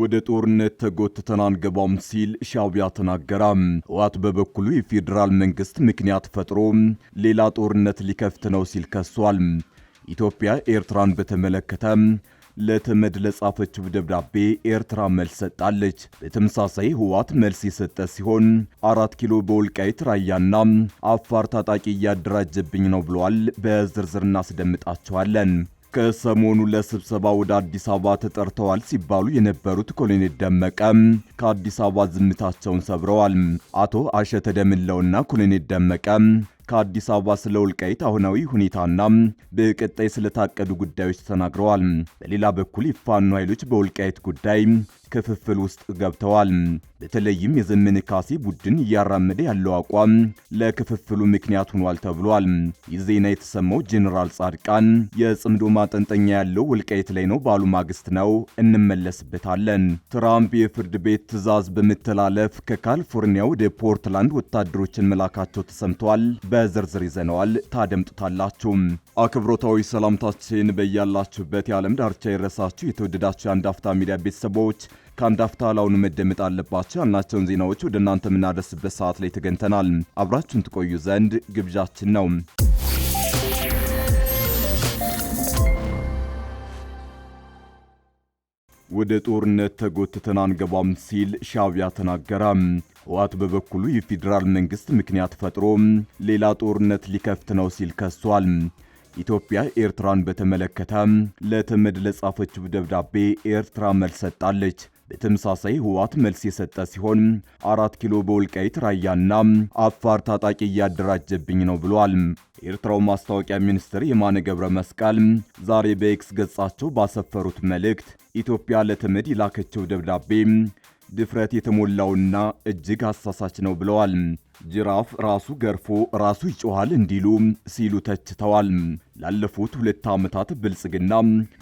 ወደ ጦርነት ተጎትተን አንገባም ሲል ሻቢያ ተናገረ። ህወሓት በበኩሉ የፌዴራል መንግስት ምክንያት ፈጥሮ ሌላ ጦርነት ሊከፍት ነው ሲል ከሷል። ኢትዮጵያ ኤርትራን በተመለከተ ለተመድ ለጻፈችው ደብዳቤ ኤርትራ መልስ ሰጣለች። በተመሳሳይ ህወሓት መልስ የሰጠ ሲሆን አራት ኪሎ በወልቃይት ራያና አፋር ታጣቂ እያደራጀብኝ ነው ብለዋል። በዝርዝር እናስደምጣቸዋለን። ከሰሞኑ ለስብሰባ ወደ አዲስ አበባ ተጠርተዋል ሲባሉ የነበሩት ኮሎኔል ደመቀ ከአዲስ አበባ ዝምታቸውን ሰብረዋል። አቶ አሸተ ደምለውና ኮሎኔል ደመቀ ከአዲስ አበባ ስለ ወልቃይት አሁናዊ ሁኔታና በቀጣይ ስለታቀዱ ጉዳዮች ተናግረዋል። በሌላ በኩል የፋኖ ኃይሎች በወልቃይት ጉዳይ ክፍፍል ውስጥ ገብተዋል። በተለይም የዘመነ ካሴ ቡድን እያራመደ ያለው አቋም ለክፍፍሉ ምክንያት ሆኗል ተብሏል። ይህ ዜና የተሰማው ጄኔራል ጻድቃን የጽምዶ ማጠንጠኛ ያለው ወልቃይት ላይ ነው ባሉ ማግስት ነው። እንመለስበታለን። ትራምፕ የፍርድ ቤት ትዕዛዝ በመተላለፍ ከካሊፎርኒያ ወደ ፖርትላንድ ወታደሮችን መላካቸው ተሰምተዋል። በዝርዝር ይዘነዋል፣ ታደምጡታላችሁ። አክብሮታዊ ሰላምታችን በያላችሁበት የዓለም ዳርቻ የረሳችሁ የተወደዳችሁ የአንድ አፍታ ሚዲያ ቤተሰቦች ከአንድ አፍታ ላውኑ መደመጥ አለባቸው ያልናቸውን ዜናዎች ወደ እናንተ የምናደርስበት ሰዓት ላይ ተገኝተናል። አብራችሁን ትቆዩ ዘንድ ግብዣችን ነው። ወደ ጦርነት ተጎትተን አንገባም ሲል ሻቢያ ተናገረ። ህወሓት በበኩሉ የፌዴራል መንግስት ምክንያት ፈጥሮ ሌላ ጦርነት ሊከፍት ነው ሲል ከሷል። ኢትዮጵያ ኤርትራን በተመለከተ ለተመድ ለጻፈችው ደብዳቤ ኤርትራ መልስ ሰጣለች። በተመሳሳይ ህወሓት መልስ የሰጠ ሲሆን አራት ኪሎ በወልቃይት ራያና አፋር ታጣቂ እያደራጀብኝ ነው ብሏል። የኤርትራው ማስታወቂያ ሚኒስትር የማነ ገብረ መስቀል ዛሬ በኤክስ ገጻቸው ባሰፈሩት መልእክት ኢትዮጵያ ለተመድ የላከችው ደብዳቤ ድፍረት የተሞላውና እጅግ አሳሳች ነው ብለዋል። ጅራፍ ራሱ ገርፎ ራሱ ይጮኋል እንዲሉ ሲሉ ተችተዋል። ላለፉት ሁለት ዓመታት ብልጽግና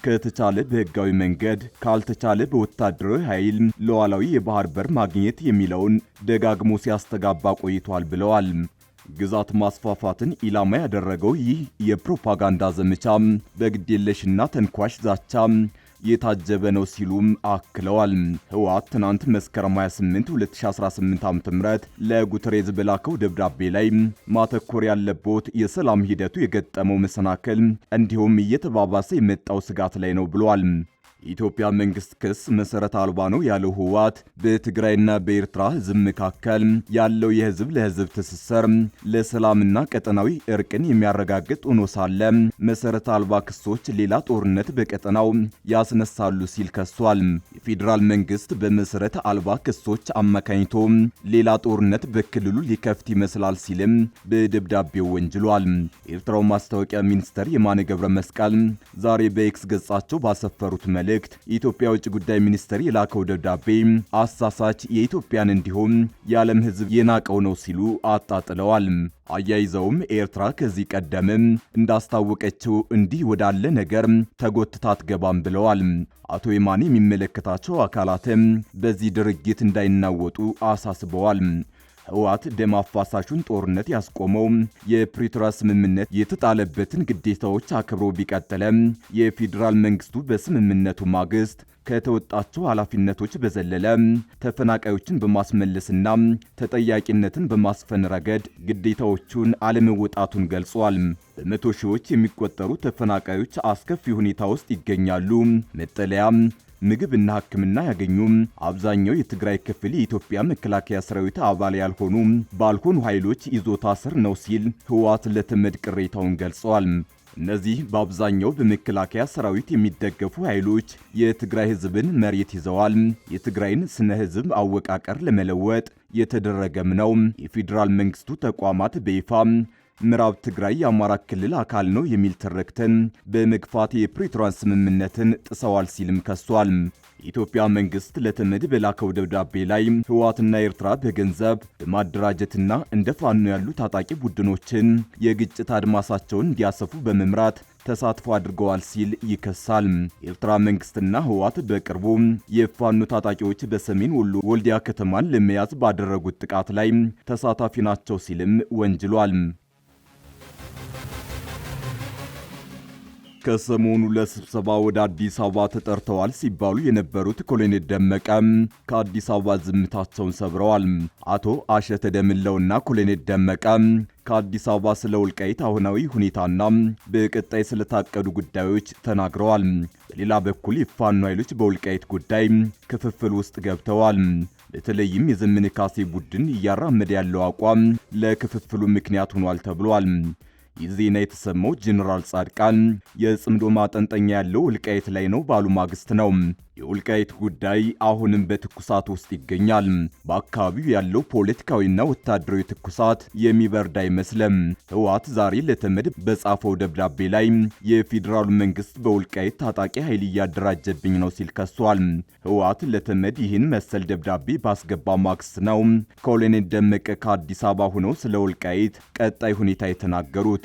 ከተቻለ በህጋዊ መንገድ ካልተቻለ በወታደራዊ ኃይል ሉዓላዊ የባህር በር ማግኘት የሚለውን ደጋግሞ ሲያስተጋባ ቆይቷል ብለዋል። ግዛት ማስፋፋትን ኢላማ ያደረገው ይህ የፕሮፓጋንዳ ዘመቻ በግዴለሽና ተንኳሽ ዛቻ የታጀበ ነው ሲሉም አክለዋል። ህወሓት ትናንት መስከረም 28 2018 ዓ.ም ለጉተሬዝ በላከው ደብዳቤ ላይ ማተኮር ያለበት የሰላም ሂደቱ የገጠመው መሰናክል እንዲሁም እየተባባሰ የመጣው ስጋት ላይ ነው ብለዋል። የኢትዮጵያ መንግስት ክስ መሰረት አልባ ነው ያለው ህወሓት በትግራይና በኤርትራ ህዝብ መካከል ያለው የህዝብ ለህዝብ ትስስር ለሰላምና ቀጠናዊ እርቅን የሚያረጋግጥ ሆኖ ሳለ መሰረት አልባ ክሶች ሌላ ጦርነት በቀጠናው ያስነሳሉ ሲል ከሷል። የፌዴራል መንግስት በመሰረት አልባ ክሶች አማካኝቶ ሌላ ጦርነት በክልሉ ሊከፍት ይመስላል ሲልም በደብዳቤው ወንጅሏል። የኤርትራው ማስታወቂያ ሚኒስትር የማነ ገብረ መስቀል ዛሬ በኤክስ ገጻቸው ባሰፈሩት መ መልእክት የኢትዮጵያ ውጭ ጉዳይ ሚኒስትር የላከው ደብዳቤ አሳሳች፣ የኢትዮጵያን እንዲሁም የዓለም ሕዝብ የናቀው ነው ሲሉ አጣጥለዋል። አያይዘውም ኤርትራ ከዚህ ቀደምም እንዳስታወቀችው እንዲህ ወዳለ ነገር ተጎትታ አትገባም ብለዋል። አቶ የማን የሚመለከታቸው አካላትም በዚህ ድርጊት እንዳይናወጡ አሳስበዋል። ህወሓት ደም አፋሳሹን ጦርነት ያስቆመው የፕሪቶሪያ ስምምነት የተጣለበትን ግዴታዎች አክብሮ ቢቀጥለም የፌዴራል መንግስቱ በስምምነቱ ማግስት ከተወጣቸው ኃላፊነቶች በዘለለ ተፈናቃዮችን በማስመለስና ተጠያቂነትን በማስፈን ረገድ ግዴታዎቹን አለመወጣቱን ገልጿል። በመቶ ሺዎች የሚቆጠሩ ተፈናቃዮች አስከፊ ሁኔታ ውስጥ ይገኛሉ። መጠለያ ምግብና ሕክምና ያገኙም። አብዛኛው የትግራይ ክፍል የኢትዮጵያ መከላከያ ሰራዊት አባል ያልሆኑ ባልሆኑ ኃይሎች ይዞታ ስር ነው ሲል ህወሓት ለተመድ ቅሬታውን ገልጸዋል። እነዚህ በአብዛኛው በመከላከያ ሰራዊት የሚደገፉ ኃይሎች የትግራይ ህዝብን መሬት ይዘዋል። የትግራይን ስነ ህዝብ አወቃቀር ለመለወጥ የተደረገም ነው። የፌዴራል መንግስቱ ተቋማት በይፋ ምዕራብ ትግራይ የአማራ ክልል አካል ነው የሚል ትርክትን በመግፋት የፕሪቶሪያን ስምምነትን ጥሰዋል ሲልም ከሷል። የኢትዮጵያ መንግስት ለተመድ በላከው ደብዳቤ ላይ ህወሓትና ኤርትራ በገንዘብ በማደራጀትና እንደ ፋኖ ያሉ ታጣቂ ቡድኖችን የግጭት አድማሳቸውን እንዲያሰፉ በመምራት ተሳትፎ አድርገዋል ሲል ይከሳል። ኤርትራ መንግስትና ህወሓት በቅርቡ የፋኖ ታጣቂዎች በሰሜን ወሎ ወልዲያ ከተማን ለመያዝ ባደረጉት ጥቃት ላይ ተሳታፊ ናቸው ሲልም ወንጅሏል። ከሰሞኑ ለስብሰባ ወደ አዲስ አበባ ተጠርተዋል ሲባሉ የነበሩት ኮሎኔል ደመቀ ከአዲስ አበባ ዝምታቸውን ሰብረዋል። አቶ አሸተ ደምለውና ኮሎኔል ደመቀ ከአዲስ አበባ ስለ ወልቃይት አሁናዊ ሁኔታና በቀጣይ ስለታቀዱ ጉዳዮች ተናግረዋል። በሌላ በኩል የፋኖ ኃይሎች በወልቃይት ጉዳይ ክፍፍል ውስጥ ገብተዋል። በተለይም የዘመነ ካሴ ቡድን እያራመደ ያለው አቋም ለክፍፍሉ ምክንያት ሆኗል ተብሏል። ይህ የተሰማው ጄኔራል ጻድቃን የጽምዶ ማጠንጠኛ ያለው ውልቃይት ላይ ነው ባሉ ማግስት ነው። የውልቃይት ጉዳይ አሁንም በትኩሳት ውስጥ ይገኛል። በአካባቢው ያለው ፖለቲካዊና ወታደራዊ ትኩሳት የሚበርድ አይመስልም። ህወሓት ዛሬ ለተመድ በጻፈው ደብዳቤ ላይ የፌዴራሉ መንግስት በውልቃይት ታጣቂ ኃይል እያደራጀብኝ ነው ሲል ከሷል። ህወሓት ለተመድ ይህን መሰል ደብዳቤ ባስገባ ማግስት ነው ኮሎኔል ደመቀ ከአዲስ አበባ ሆነው ስለ ቀጣይ ሁኔታ የተናገሩት።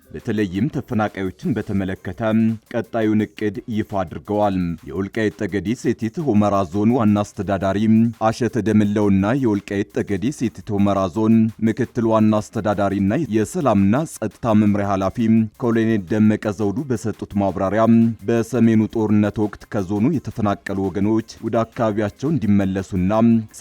በተለይም ተፈናቃዮችን በተመለከተ ቀጣዩን እቅድ ይፋ አድርገዋል። የወልቃይት ጠገዴ ሴቲት ሁመራ ዞን ዋና አስተዳዳሪ አሸተ ደምለውና የወልቃይት ጠገዴ ሴቲት ሁመራ ዞን ምክትል ዋና አስተዳዳሪና የሰላምና ጸጥታ መምሪያ ኃላፊ ኮሎኔል ደመቀ ዘውዱ በሰጡት ማብራሪያ በሰሜኑ ጦርነት ወቅት ከዞኑ የተፈናቀሉ ወገኖች ወደ አካባቢያቸው እንዲመለሱና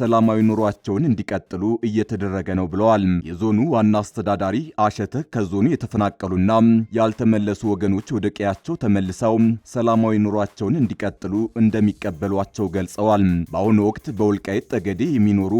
ሰላማዊ ኑሯቸውን እንዲቀጥሉ እየተደረገ ነው ብለዋል። የዞኑ ዋና አስተዳዳሪ አሸተ ከዞኑ የተፈናቀሉ ያሉና ያልተመለሱ ወገኖች ወደ ቀያቸው ተመልሰው ሰላማዊ ኑሯቸውን እንዲቀጥሉ እንደሚቀበሏቸው ገልጸዋል። በአሁኑ ወቅት በወልቃይት ጠገዴ የሚኖሩ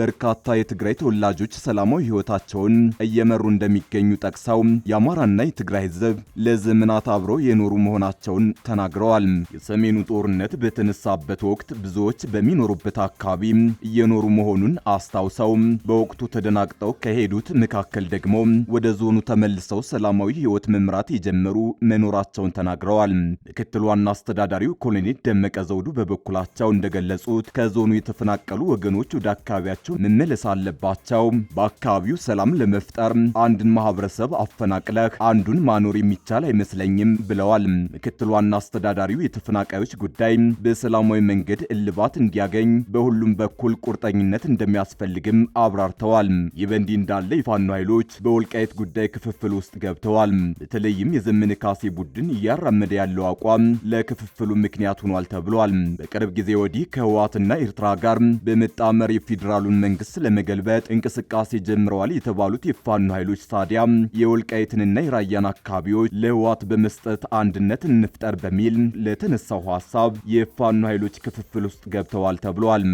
በርካታ የትግራይ ተወላጆች ሰላማዊ ሕይወታቸውን እየመሩ እንደሚገኙ ጠቅሰው የአማራና የትግራይ ሕዝብ ለዘመናት አብረው የኖሩ መሆናቸውን ተናግረዋል። የሰሜኑ ጦርነት በተነሳበት ወቅት ብዙዎች በሚኖሩበት አካባቢ እየኖሩ መሆኑን አስታውሰው በወቅቱ ተደናግጠው ከሄዱት መካከል ደግሞ ወደ ዞኑ ተመልሰው ሰላማዊ ሰላማዊ ህይወት መምራት የጀመሩ መኖራቸውን ተናግረዋል። ምክትል ዋና አስተዳዳሪው ኮሎኔል ደመቀ ዘውዱ በበኩላቸው እንደገለጹት ከዞኑ የተፈናቀሉ ወገኖች ወደ አካባቢያቸው መመለስ አለባቸው። በአካባቢው ሰላም ለመፍጠር አንድን ማህበረሰብ አፈናቅለህ አንዱን ማኖር የሚቻል አይመስለኝም ብለዋል። ምክትል ዋና አስተዳዳሪው የተፈናቃዮች ጉዳይ በሰላማዊ መንገድ እልባት እንዲያገኝ በሁሉም በኩል ቁርጠኝነት እንደሚያስፈልግም አብራርተዋል። ይህ በእንዲህ እንዳለ የፋኖ ኃይሎች በወልቃየት ጉዳይ ክፍፍል ውስጥ ገብተዋል። ተናግረዋል። በተለይም የዘመነ ካሴ ቡድን እያራመደ ያለው አቋም ለክፍፍሉ ምክንያት ሆኗል ተብሏል። በቅርብ ጊዜ ወዲህ ከህወሓትና ኤርትራ ጋር በመጣመር የፌዴራሉን መንግስት ለመገልበጥ እንቅስቃሴ ጀምረዋል የተባሉት የፋኖ ኃይሎች ታዲያ የወልቃይትንና የራያን አካባቢዎች ለህወሓት በመስጠት አንድነት እንፍጠር በሚል ለተነሳው ሀሳብ የፋኖ ኃይሎች ክፍፍል ውስጥ ገብተዋል ተብሏል።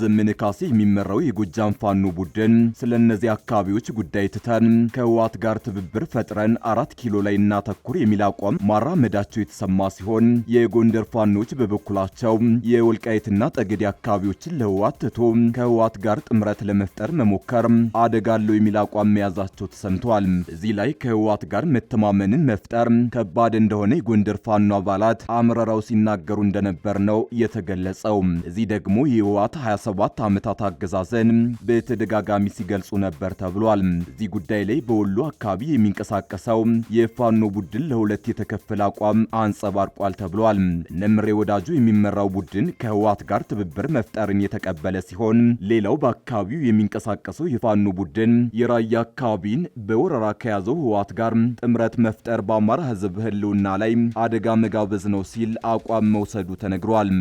ዘመን ካሴ የሚመራው የጎጃም ፋኖ ቡድን ስለ እነዚህ አካባቢዎች ጉዳይ ትተን ከህወሓት ጋር ትብብር ፈጥረን አራት ኪሎ ላይ እናተኩር የሚል አቋም ማራመዳቸው የተሰማ ሲሆን የጎንደር ፋኖች በበኩላቸው የወልቃይትና ጠገዴ አካባቢዎችን ለህወሓት ትቶ ከህወሓት ጋር ጥምረት ለመፍጠር መሞከር አደጋለው የሚል አቋም መያዛቸው ተሰምተዋል። እዚህ ላይ ከህወሓት ጋር መተማመንን መፍጠር ከባድ እንደሆነ የጎንደር ፋኖ አባላት አምረራው ሲናገሩ እንደነበር ነው የተገለጸው። እዚህ ደግሞ የህወሓት 27 ዓመታት አገዛዘን በተደጋጋሚ ሲገልጹ ነበር ተብሏል። እዚህ ጉዳይ ላይ በወሎ አካባቢ የሚንቀሳቀሰው በመግለጫውም የፋኖ ቡድን ለሁለት የተከፈለ አቋም አንጸባርቋል ተብሏል። እነምሬ ወዳጁ የሚመራው ቡድን ከህወሓት ጋር ትብብር መፍጠርን የተቀበለ ሲሆን፣ ሌላው በአካባቢው የሚንቀሳቀሰው የፋኖ ቡድን የራያ አካባቢን በወረራ ከያዘው ህወሓት ጋር ጥምረት መፍጠር በአማራ ህዝብ ህልውና ላይ አደጋ መጋበዝ ነው ሲል አቋም መውሰዱ ተነግሯል።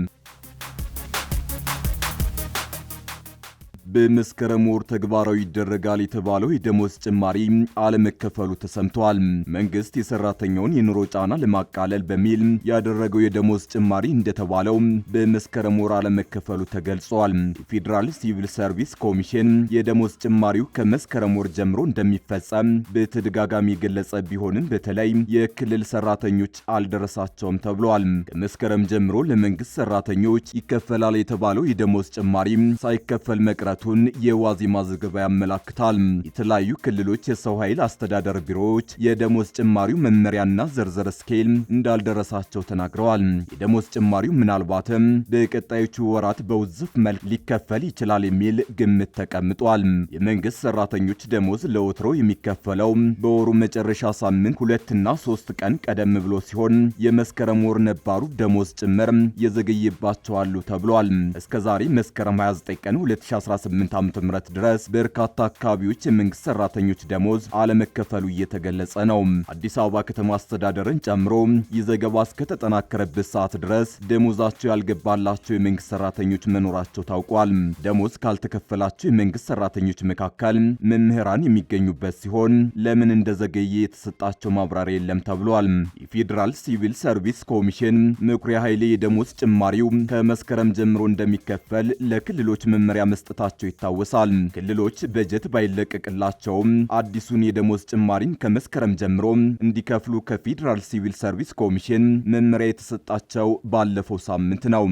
በመስከረም ወር ተግባራዊ ይደረጋል የተባለው የደሞዝ ጭማሪ አለመከፈሉ ተሰምቷል። መንግስት የሰራተኛውን የኑሮ ጫና ለማቃለል በሚል ያደረገው የደሞዝ ጭማሪ እንደተባለው በመስከረም ወር አለመከፈሉ ተገልጿል። የፌዴራል ሲቪል ሰርቪስ ኮሚሽን የደሞዝ ጭማሪው ከመስከረም ወር ጀምሮ እንደሚፈጸም በተደጋጋሚ የገለጸ ቢሆንም በተለይ የክልል ሰራተኞች አልደረሳቸውም ተብሏል። ከመስከረም ጀምሮ ለመንግስት ሰራተኞች ይከፈላል የተባለው የደሞዝ ጭማሪ ሳይከፈል መቅረት መዘጋቱን የዋዜማ ዘገባ ያመላክታል። የተለያዩ ክልሎች የሰው ኃይል አስተዳደር ቢሮዎች የደሞዝ ጭማሪው መመሪያና ዝርዝር ስኬል እንዳልደረሳቸው ተናግረዋል። የደሞዝ ጭማሪው ምናልባትም በቀጣዮቹ ወራት በውዝፍ መልክ ሊከፈል ይችላል የሚል ግምት ተቀምጧል። የመንግስት ሰራተኞች ደሞዝ ለወትሮ የሚከፈለው በወሩ መጨረሻ ሳምንት ሁለትና ሶስት ቀን ቀደም ብሎ ሲሆን የመስከረም ወር ነባሩ ደሞዝ ጭምር የዘገይባቸዋሉ ተብሏል። እስከዛሬ መስከረም 29 ቀን 2018 ስምንት ዓ ድረስ በርካታ አካባቢዎች የመንግስት ሰራተኞች ደሞዝ አለመከፈሉ እየተገለጸ ነው። አዲስ አበባ ከተማ አስተዳደርን ጨምሮ ይህ ዘገባ እስከተጠናከረበት ሰዓት ድረስ ደሞዛቸው ያልገባላቸው የመንግስት ሰራተኞች መኖራቸው ታውቋል። ደሞዝ ካልተከፈላቸው የመንግስት ሰራተኞች መካከል መምህራን የሚገኙበት ሲሆን ለምን እንደዘገየ የተሰጣቸው ማብራሪያ የለም ተብሏል። የፌዴራል ሲቪል ሰርቪስ ኮሚሽን መኩሪያ ኃይሌ የደሞዝ ጭማሪው ከመስከረም ጀምሮ እንደሚከፈል ለክልሎች መመሪያ መስጠታቸው መሆናቸው ይታወሳል። ክልሎች በጀት ባይለቀቅላቸውም አዲሱን የደሞዝ ጭማሪን ከመስከረም ጀምሮ እንዲከፍሉ ከፌዴራል ሲቪል ሰርቪስ ኮሚሽን መመሪያ የተሰጣቸው ባለፈው ሳምንት ነው።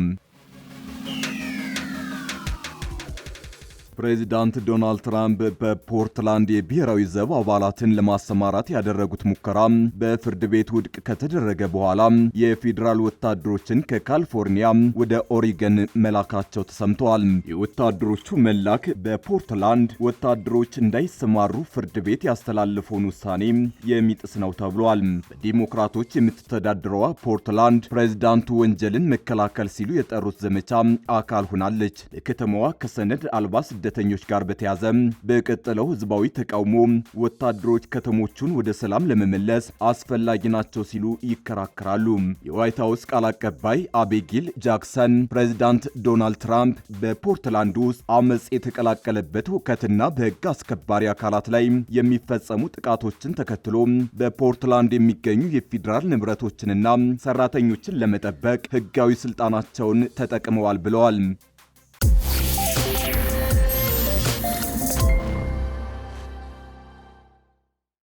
ፕሬዚዳንት ዶናልድ ትራምፕ በፖርትላንድ የብሔራዊ ዘብ አባላትን ለማሰማራት ያደረጉት ሙከራ በፍርድ ቤት ውድቅ ከተደረገ በኋላ የፌዴራል ወታደሮችን ከካሊፎርኒያ ወደ ኦሪገን መላካቸው ተሰምተዋል። የወታደሮቹ መላክ በፖርትላንድ ወታደሮች እንዳይሰማሩ ፍርድ ቤት ያስተላለፈውን ውሳኔ የሚጥስ ነው ተብሏል። በዲሞክራቶች የምትተዳድረዋ ፖርትላንድ ፕሬዚዳንቱ ወንጀልን መከላከል ሲሉ የጠሩት ዘመቻ አካል ሆናለች። ለከተማዋ ከሰነድ አልባ ስደተኞች ጋር በተያዘ በቀጠለው ህዝባዊ ተቃውሞ ወታደሮች ከተሞቹን ወደ ሰላም ለመመለስ አስፈላጊ ናቸው ሲሉ ይከራከራሉ። የዋይት ሀውስ ቃል አቀባይ አቤጊል ጃክሰን ፕሬዚዳንት ዶናልድ ትራምፕ በፖርትላንድ ውስጥ አመፅ የተቀላቀለበት ሁከትና በህግ አስከባሪ አካላት ላይ የሚፈጸሙ ጥቃቶችን ተከትሎ በፖርትላንድ የሚገኙ የፌዴራል ንብረቶችንና ሰራተኞችን ለመጠበቅ ህጋዊ ስልጣናቸውን ተጠቅመዋል ብለዋል።